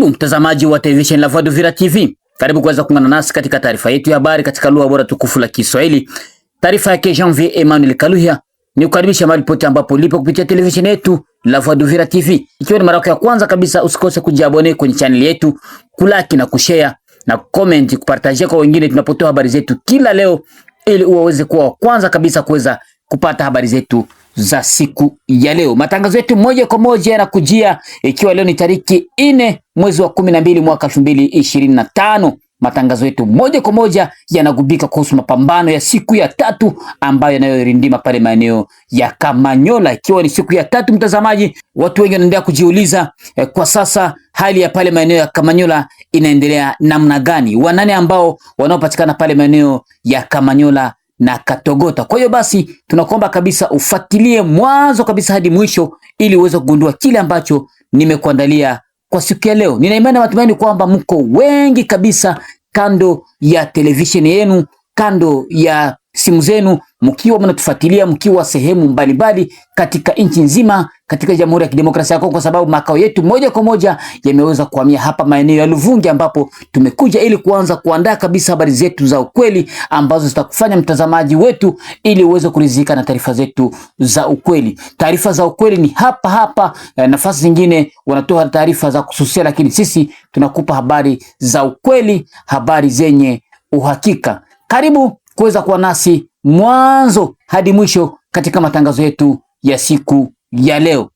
Karibu mtazamaji wa television La Voix d'Uvira TV, karibu kuweza kuungana nasi katika taarifa yetu ya habari katika lugha bora tukufu la Kiswahili. Taarifa yake Janvier Emmanuel Kaluhia ni kukaribisha mahali popote ambapo ulipo kupitia television yetu La Voix d'Uvira TV. Ikiwa ni mara yako ya kwanza kabisa, usikose kujiabone kwenye channel yetu, kulaki na kushare na comment, kupartajia kwa wengine tunapotoa habari zetu kila leo, ili uweze kuwa wa kwanza kabisa kuweza kupata habari zetu za siku ya leo. Matangazo yetu moja kwa moja yanakujia ikiwa leo ni tariki nne mwezi wa kumi na mbili mwaka elfu mbili ishirini na tano. Matangazo yetu moja kwa moja yanagubika kuhusu mapambano ya siku ya tatu ambayo yanayorindima pale maeneo ya Kamanyola, ikiwa ni siku ya tatu. Mtazamaji, watu wengi wanaendelea kujiuliza eh, kwa sasa hali ya pale maeneo ya Kamanyola inaendelea namna gani? Wanane ambao wanaopatikana pale maeneo ya Kamanyola na katogota. Kwa hiyo basi tunakuomba kabisa ufuatilie mwanzo kabisa hadi mwisho ili uweze kugundua kile ambacho nimekuandalia kwa siku ya leo. Nina imani na matumaini kwamba mko wengi kabisa kando ya televisheni yenu, kando ya simu zenu, mkiwa mnatufuatilia mkiwa sehemu mbalimbali katika nchi nzima katika Jamhuri ya Kidemokrasia ya Kongo kwa sababu makao yetu moja kwa moja yameweza kuhamia hapa maeneo ya Luvungi, ambapo tumekuja ili kuanza kuandaa kabisa habari zetu za ukweli ambazo zitakufanya mtazamaji wetu ili uweze kuridhika na taarifa zetu za ukweli. Taarifa za ukweli ni hapa hapa, eh, nafasi zingine wanatoa taarifa za kususia, lakini sisi tunakupa habari za ukweli, habari zenye uhakika. Karibu kuweza kuwa nasi mwanzo hadi mwisho katika matangazo yetu ya siku ya leo,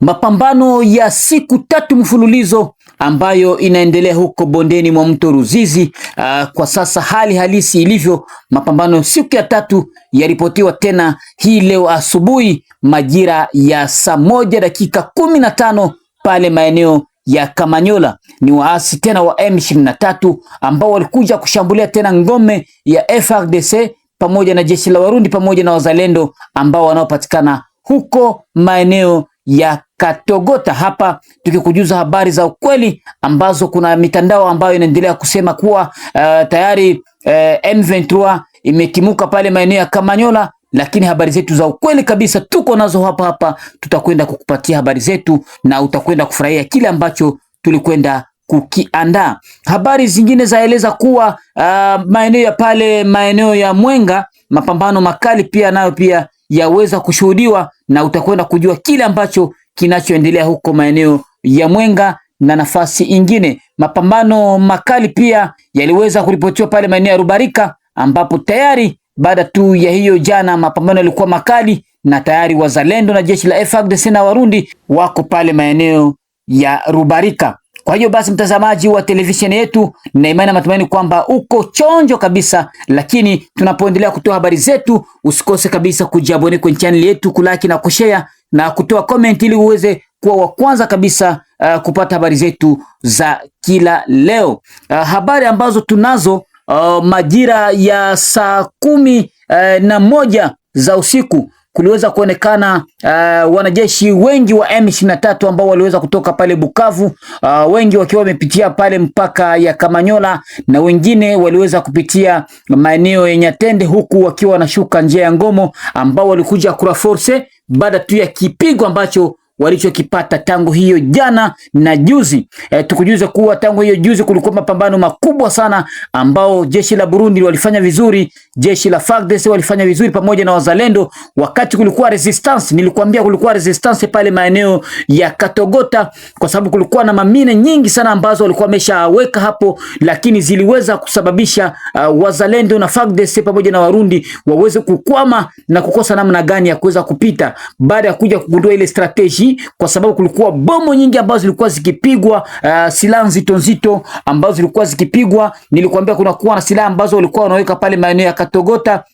mapambano ya siku tatu mfululizo ambayo inaendelea huko bondeni mwa mto Ruzizi. Uh, kwa sasa hali halisi ilivyo, mapambano siku ya tatu yaripotiwa tena hii leo asubuhi majira ya saa moja dakika kumi na tano pale maeneo ya Kamanyola. Ni waasi tena wa M23 ambao walikuja kushambulia tena ngome ya frdc pamoja na jeshi la Warundi pamoja na wazalendo ambao wanaopatikana huko maeneo ya Katogota. Hapa tukikujuza habari za ukweli ambazo kuna mitandao ambayo inaendelea kusema kuwa uh, tayari uh, eh, M23 imetimuka pale maeneo ya Kamanyola, lakini habari zetu za ukweli kabisa tuko nazo hapa hapa. Tutakwenda kukupatia habari zetu na utakwenda kufurahia kile ambacho tulikwenda kukiandaa. Habari zingine zaeleza kuwa uh, maeneo ya pale maeneo ya Mwenga mapambano makali pia nayo pia yaweza kushuhudiwa na utakwenda kujua kile ambacho kinachoendelea huko maeneo ya Mwenga na nafasi ingine. Mapambano makali pia yaliweza kuripotiwa pale maeneo ya Rubarika, ambapo tayari baada tu ya hiyo jana mapambano yalikuwa makali na tayari wazalendo na jeshi la FARDC na Warundi wako pale maeneo ya Rubarika. Kwa hiyo basi, mtazamaji wa televisheni yetu, na imani na matumaini kwamba uko chonjo kabisa, lakini tunapoendelea kutoa habari zetu, usikose kabisa kujiabone kwenye channel yetu, kulaki na kushare na kutoa comment ili uweze kuwa wa kwanza kabisa uh, kupata habari zetu za kila leo. Uh, habari ambazo tunazo uh, majira ya saa kumi uh, na moja za usiku kuliweza kuonekana uh, wanajeshi wengi wa M23 ambao waliweza kutoka pale Bukavu, uh, wengi wakiwa wamepitia pale mpaka ya Kamanyola na wengine waliweza kupitia maeneo ya Nyatende, huku wakiwa wanashuka njia ya Ngomo, ambao walikuja kura force baada tu ya kipigo ambacho walichokipata tangu hiyo jana na juzi. E, eh, tukujuza kuwa tangu hiyo juzi kulikuwa mapambano makubwa sana ambao jeshi la Burundi walifanya vizuri, jeshi la FARDC walifanya vizuri pamoja na wazalendo, wakati kulikuwa resistance. Nilikwambia kulikuwa resistance pale maeneo ya Katogota kwa sababu kulikuwa na mamine nyingi sana ambazo walikuwa wameshaweka hapo, lakini ziliweza kusababisha uh, wazalendo na FARDC pamoja na Warundi waweze kukwama na kukosa namna gani ya kuweza kupita baada ya kuja kugundua ile strategy wakati, kwa sababu kulikuwa bomu nyingi ambazo zilikuwa zikipigwa, uh, silaha nzito nzito ambazo zilikuwa zikipigwa. Nilikwambia kuna kuwa na silaha ambazo walikuwa wanaweka pale maeneo ya Katogota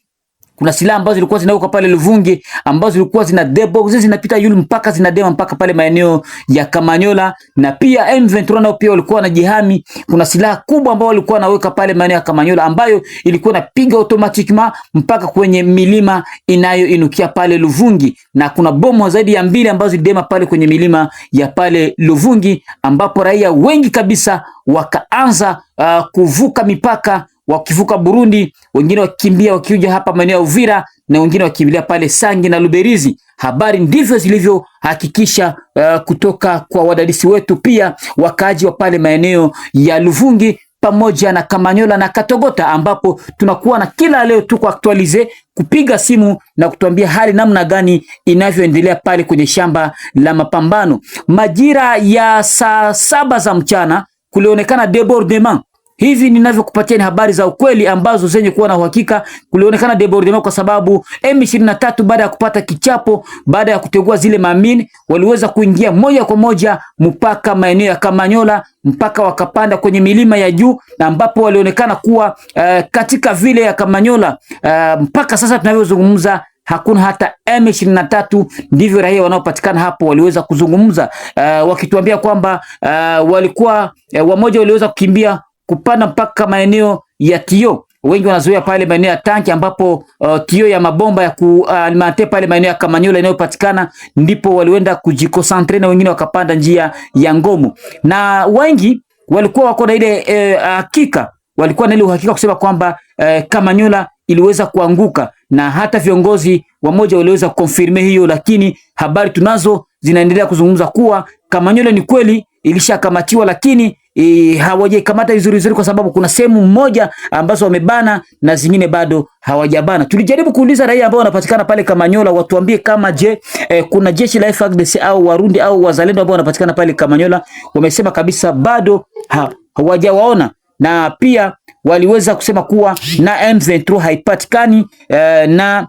kuna silaha ambazo zilikuwa zinawekwa pale Luvungi ambazo zilikuwa zina debo zizi zinapita yule mpaka zinadema mpaka pale maeneo ya Kamanyola na pia M23 nao pia walikuwa wanajihami. Kuna silaha kubwa ambayo walikuwa wanaweka pale maeneo ya Kamanyola ambayo ilikuwa inapiga automatiquement mpaka kwenye milima inayoinukia pale Luvungi na kuna bomu zaidi ya mbili ambazo zilidema pale kwenye milima ya pale Luvungi ambapo raia wengi kabisa wakaanza uh, kuvuka mipaka wakivuka Burundi, wengine wakikimbia wakiuja hapa maeneo ya Uvira na wengine wakikimbilia pale Sange na Luberizi. Habari ndivyo zilivyohakikisha uh, eh, kutoka kwa wadadisi wetu, pia wakaaji wa pale maeneo ya Luvungi pamoja na Kamanyola na Katogota ambapo tunakuwa na kila leo tu kwa aktualize kupiga simu na kutuambia hali namna gani inavyoendelea pale kwenye shamba la mapambano. Majira ya saa saba za mchana kulionekana debordement Hivi ninavyokupatia ni habari za ukweli ambazo zenye kuwa na uhakika. Kulionekana debordement kwa sababu M23 baada ya kupata kichapo, baada ya kutegua zile mamini, waliweza kuingia moja kwa moja mpaka maeneo ya Kamanyola mpaka wakapanda kwenye milima ya juu na ambapo walionekana kuwa uh, katika vile ya Kamanyola uh, mpaka sasa tunavyozungumza hakuna hata M23. Ndivyo raia wanaopatikana hapo waliweza kuzungumza uh, wakituambia kwamba uh, walikuwa uh, wamoja waliweza kukimbia kupanda mpaka maeneo ya Tio. Wengi wanazoea pale maeneo ya tanki ambapo uh, Tio ya mabomba ya kualimate uh, pale maeneo ya Kamanyola inayopatikana, ndipo walienda kujikosantre na wengine wakapanda njia ya Ngomo, na wengi walikuwa wako na ile eh, hakika walikuwa na ile uhakika kusema kwamba eh, Kamanyola iliweza kuanguka na hata viongozi wamoja waliweza kukonfirme hiyo, lakini habari tunazo zinaendelea kuzungumza kuwa Kamanyola ni kweli ilishakamatiwa, lakini e, hawajaikamata vizuri vizuri, kwa sababu kuna sehemu moja ambazo wamebana na zingine bado hawajabana. Tulijaribu kuuliza raia ambao wanapatikana pale Kamanyola watuambie kama je, e, kuna jeshi la FARDC au Warundi au wazalendo ambao wanapatikana pale Kamanyola. Wamesema kabisa bado ha, hawajawaona na pia waliweza kusema kuwa na M23 haipatikani e, na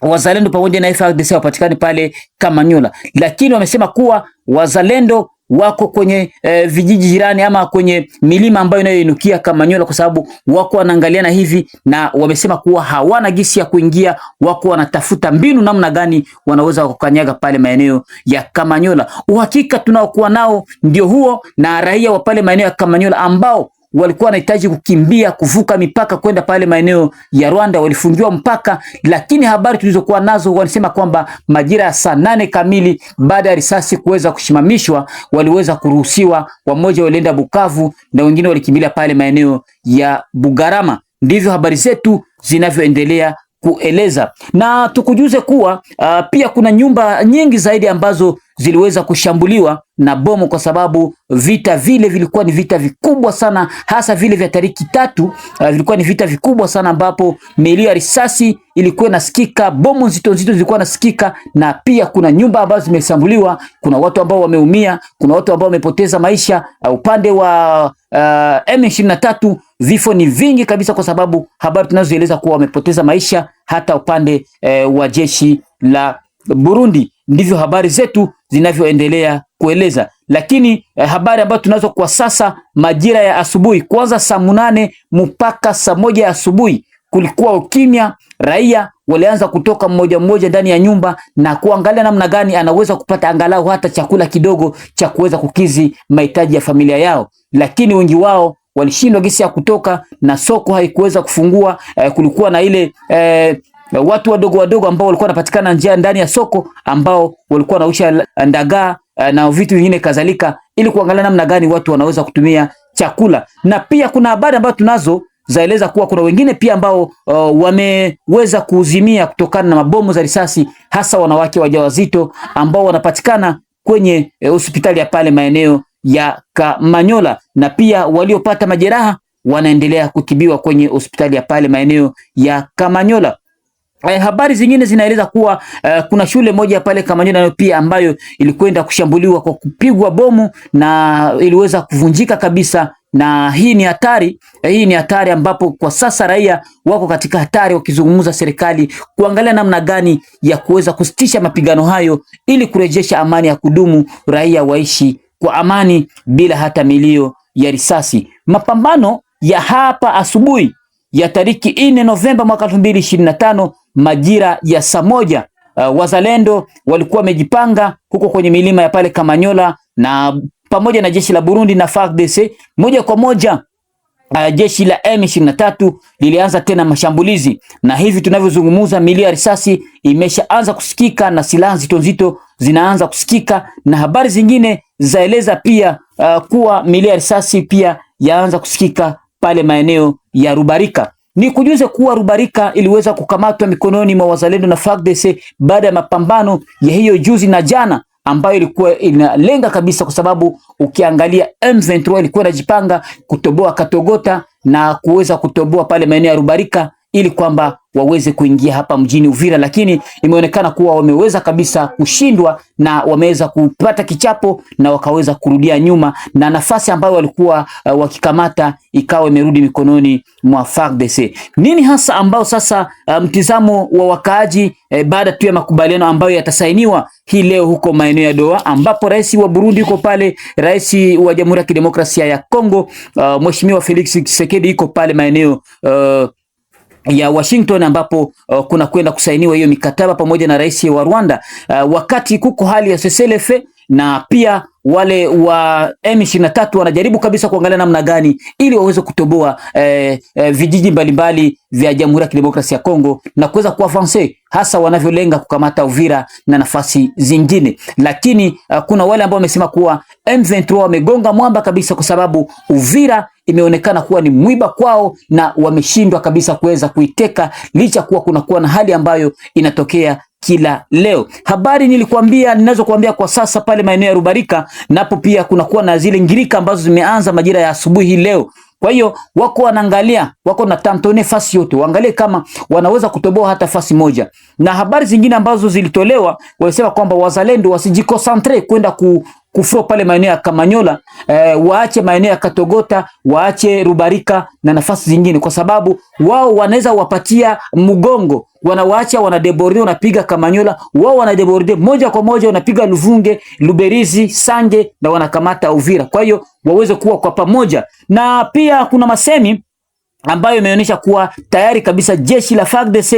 wazalendo pamoja na FARDC hawapatikani pale Kamanyola, lakini wamesema kuwa wazalendo wako kwenye e, vijiji jirani ama kwenye milima ambayo inayoinukia Kamanyola, kwa sababu wako wanaangaliana hivi na wamesema kuwa hawana gisi ya kuingia, wako wanatafuta mbinu namna gani wanaweza kukanyaga pale maeneo ya Kamanyola. Uhakika tunaokuwa nao ndio huo, na raia wa pale maeneo ya Kamanyola ambao walikuwa wanahitaji kukimbia kuvuka mipaka kwenda pale maeneo ya Rwanda, walifungiwa mpaka, lakini habari tulizokuwa nazo wanasema kwamba majira ya saa nane kamili baada ya risasi kuweza kusimamishwa waliweza kuruhusiwa. Wamoja walienda Bukavu na wengine walikimbilia pale maeneo ya Bugarama. Ndivyo habari zetu zinavyoendelea kueleza na tukujuze kuwa uh, pia kuna nyumba nyingi zaidi ambazo ziliweza kushambuliwa na bomu, kwa sababu vita vile vilikuwa ni vita vikubwa sana, hasa vile vya tariki tatu. Uh, vilikuwa ni vita vikubwa sana ambapo milio ya risasi ilikuwa inasikika, bomu nzito nzito zilikuwa nasikika, na pia kuna nyumba ambazo zimeshambuliwa, kuna watu ambao wameumia, kuna watu ambao wamepoteza maisha. Uh, upande wa uh, M23 vifo ni vingi kabisa, kwa sababu habari tunazoeleza kuwa wamepoteza maisha hata upande e, wa jeshi la Burundi. Ndivyo habari zetu zinavyoendelea kueleza, lakini eh, habari ambayo tunazo kwa sasa majira ya asubuhi, kwanza saa munane mpaka saa moja ya asubuhi kulikuwa ukimya. Raia walianza kutoka mmoja mmoja ndani ya nyumba na kuangalia namna gani anaweza kupata angalau hata chakula kidogo cha kuweza kukizi mahitaji ya familia yao, lakini wengi wao walishindwa gesi ya kutoka na soko haikuweza kufungua. Eh, kulikuwa na ile eh, watu wadogo wadogo ambao walikuwa wanapatikana njia ndani ya soko ambao walikuwa wanausha ndagaa eh, na vitu vingine kadhalika, ili kuangalia namna gani watu wanaweza kutumia chakula. Na pia kuna habari ambazo tunazo zaeleza kuwa kuna wengine pia ambao uh, wameweza kuuzimia kutokana na mabomu za risasi, hasa wanawake wajawazito ambao wanapatikana kwenye eh, hospitali eh, ya pale maeneo ya Kamanyola, na pia waliopata majeraha wanaendelea kutibiwa kwenye hospitali ya pale maeneo ya Kamanyola. Eh, habari zingine zinaeleza kuwa eh, kuna shule moja pale Kamanyola nayo pia ambayo ilikwenda kushambuliwa kwa kupigwa bomu na iliweza kuvunjika kabisa, na hii ni hatari eh, hii ni hatari ambapo kwa sasa raia wako katika hatari, wakizungumza serikali kuangalia namna gani ya kuweza kusitisha mapigano hayo ili kurejesha amani ya kudumu, raia waishi kwa amani bila hata milio ya risasi. Mapambano ya hapa asubuhi ya tariki 4 Novemba mwaka 2025 majira ya saa moja, uh, wazalendo walikuwa wamejipanga huko kwenye milima ya pale Kamanyola na pamoja na jeshi la Burundi na FARDC moja kwa moja uh, jeshi la M23 lilianza tena mashambulizi na hivi tunavyozungumza, milio ya risasi imeshaanza kusikika na silaha nzito nzito zinaanza kusikika, na habari zingine zaeleza pia uh, kuwa milio ya risasi pia yaanza kusikika pale maeneo ya Rubarika. Ni kujuze kuwa Rubarika iliweza kukamatwa mikononi mwa wazalendo na FARDC baada ya mapambano ya hiyo juzi na jana ambayo ilikuwa inalenga kabisa, kwa sababu ukiangalia M23 ilikuwa inajipanga kutoboa Katogota na kuweza kutoboa pale maeneo ya Rubarika ili kwamba waweze kuingia hapa mjini Uvira, lakini imeonekana kuwa wameweza kabisa kushindwa na wameweza kupata kichapo na wakaweza kurudia nyuma, na nafasi ambayo walikuwa uh, wakikamata ikawa imerudi mikononi mwa FARDC. Nini hasa ambao sasa uh, mtizamo wa wakaaji eh, baada tu ya makubaliano ambayo yatasainiwa hii leo huko maeneo ya Doha, ambapo rais wa Burundi yuko pale, rais wa Jamhuri ya Kidemokrasia ya Kongo uh, Mheshimiwa Felix Tshisekedi yuko pale maeneo uh, ya Washington ambapo uh, kuna kwenda kusainiwa hiyo mikataba pamoja na rais wa Rwanda uh, wakati kuko hali ya seselefe na pia wale wa M23 wanajaribu kabisa kuangalia namna gani ili waweze kutoboa eh, eh, vijiji mbalimbali vya Jamhuri ya Kidemokrasia ya Kongo na kuweza kuavanse hasa wanavyolenga kukamata Uvira na nafasi zingine, lakini uh, kuna wale ambao wamesema kuwa M23 wamegonga mwamba kabisa, kwa sababu Uvira imeonekana kuwa ni mwiba kwao na wameshindwa kabisa kuweza kuiteka, licha kuwa kunakuwa na hali ambayo inatokea kila leo. Habari nilikwambia ninazo kuambia kwa sasa pale maeneo ya Rubarika, napo pia kunakuwa na zile ngirika ambazo zimeanza majira ya asubuhi leo. Kwa hiyo wako wanaangalia, wako na tantone fasi yote, waangalie kama wanaweza kutoboa hata fasi moja. Na habari zingine ambazo zilitolewa, walisema kwamba wazalendo wasijikosantre kwenda ku kufua pale maeneo ya Kamanyola eh, waache maeneo ya Katogota, waache Rubarika na nafasi zingine, kwa sababu wao wanaweza wapatia mgongo, wanawaacha wanadeborde, wanapiga Kamanyola, wao wanadeborde moja kwa moja, wanapiga Luvunge, Luberizi, Sange na wanakamata Uvira. Kwa hiyo waweze kuwa kwa pamoja, na pia kuna masemi ambayo imeonyesha kuwa tayari kabisa jeshi la FARDC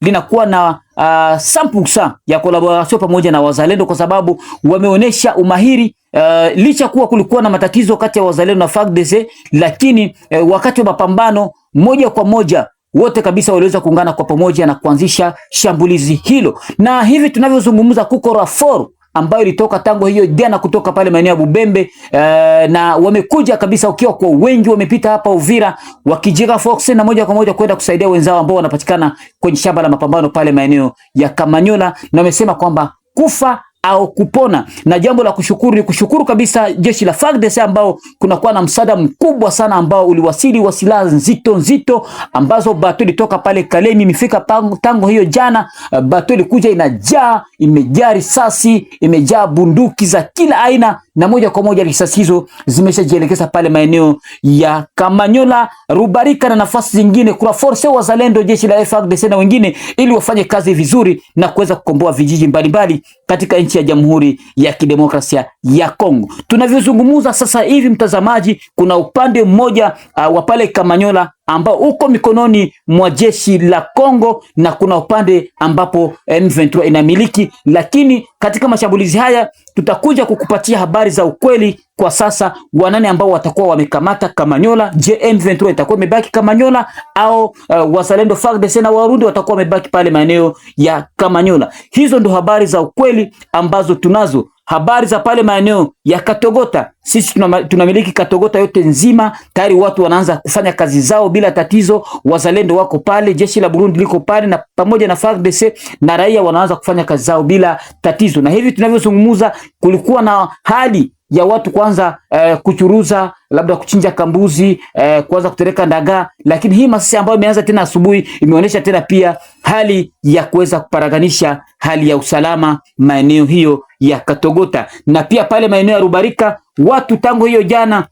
linakuwa na uh, ah, 100% ya collaboration pamoja na wazalendo kwa sababu wameonyesha umahiri uh, licha kuwa kulikuwa na matatizo kati ya wazalendo na FARDC, lakini uh, wakati wa mapambano moja kwa moja wote kabisa waliweza kuungana kwa pamoja na kuanzisha shambulizi hilo, na hivi tunavyozungumza kuko raforu ambayo ilitoka tangu hiyo jana kutoka pale maeneo ya Bubembe eh, na wamekuja kabisa ukiwa kwa wengi, wamepita hapa Uvira wakijira Fox na moja kwa moja kwenda kusaidia wenzao ambao wanapatikana kwenye shamba la mapambano pale maeneo ya Kamanyola, na wamesema kwamba kufa au kupona. Na jambo la kushukuru ni kushukuru kabisa jeshi la FARDC ambao kunakuwa na msaada mkubwa sana ambao uliwasili wa silaha nzito nzito ambazo bato ilitoka pale Kalemi imefika tangu hiyo jana. Eh, bato ilikuja inajaa, imejaa risasi, imejaa bunduki za kila aina, na moja kwa moja risasi hizo zimeshajielekeza pale maeneo ya Kamanyola, Rubarika na nafasi zingine. kwa force wazalendo, jeshi la FARDC na wengine, ili wafanye kazi vizuri na kuweza kukomboa vijiji mbalimbali katika nchi ya Jamhuri ya Kidemokrasia ya Kongo. Tunavyozungumza sasa hivi, mtazamaji, kuna upande mmoja uh, wa pale Kamanyola ambao uko mikononi mwa jeshi la Kongo na kuna upande ambapo eh, M23 inamiliki, lakini katika mashambulizi haya tutakuja kukupatia habari za ukweli kwa sasa wanane ambao watakuwa wamekamata Kamanyola. Je, M23 itakuwa imebaki Kamanyola au uh, wazalendo FARDC na Warundi watakuwa wamebaki pale maeneo ya Kamanyola? Hizo ndo habari za ukweli ambazo tunazo. Habari za pale maeneo ya Katogota, sisi tunamiliki Katogota yote nzima. Tayari watu wanaanza kufanya kazi zao bila tatizo, wazalendo wako pale, jeshi la Burundi liko pale na pamoja na FARDC na raia wanaanza kufanya kazi zao bila tatizo. Na hivi tunavyozungumza, kulikuwa na hali ya watu kwanza eh, kuchuruza labda kuchinja kambuzi eh, kuanza kutereka ndagaa. Lakini hii masisi ambayo imeanza tena asubuhi imeonyesha tena pia hali ya kuweza kuparaganisha hali ya usalama maeneo hiyo ya Katogota na pia pale maeneo ya Rubarika, watu tangu hiyo jana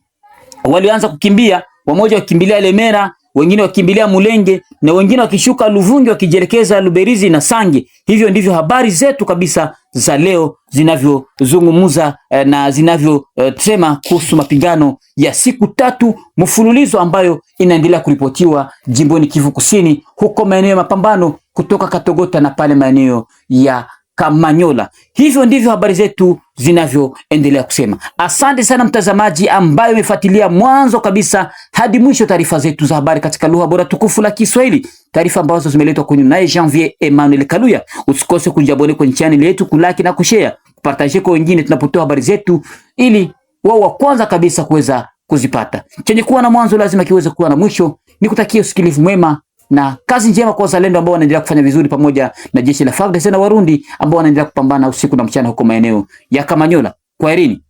walianza kukimbia wamoja wakimbilia Lemera wengine wakikimbilia Mulenge na wengine wakishuka Luvungi wakijielekeza Luberizi na Sange. Hivyo ndivyo habari zetu kabisa za leo zinavyozungumza eh, na zinavyosema eh, kuhusu mapigano ya siku tatu mfululizo ambayo inaendelea kuripotiwa jimboni Kivu Kusini, huko maeneo ya mapambano kutoka Katogota na pale maeneo ya Kamanyola. Hivyo ndivyo habari zetu zinavyoendelea kusema. Asante sana mtazamaji ambaye umefuatilia mwanzo kabisa hadi mwisho taarifa zetu za habari katika lugha bora tukufu la Kiswahili, taarifa ambazo zimeletwa kwenu naye Janvier Emmanuel Kaluya. Usikose kujabone kwenye channel yetu, kulaki na kushare, kupartaje kwa wengine tunapotoa habari zetu, ili wao wa kwanza kabisa kuweza kuzipata. Chenye kuwa na mwanzo lazima kiweze kuwa na mwisho. Nikutakia usikilivu mwema na kazi njema kwa wazalendo ambao wanaendelea kufanya vizuri pamoja na jeshi la FARDC na Warundi ambao wanaendelea kupambana usiku na mchana huko maeneo ya Kamanyola. Kwaherini.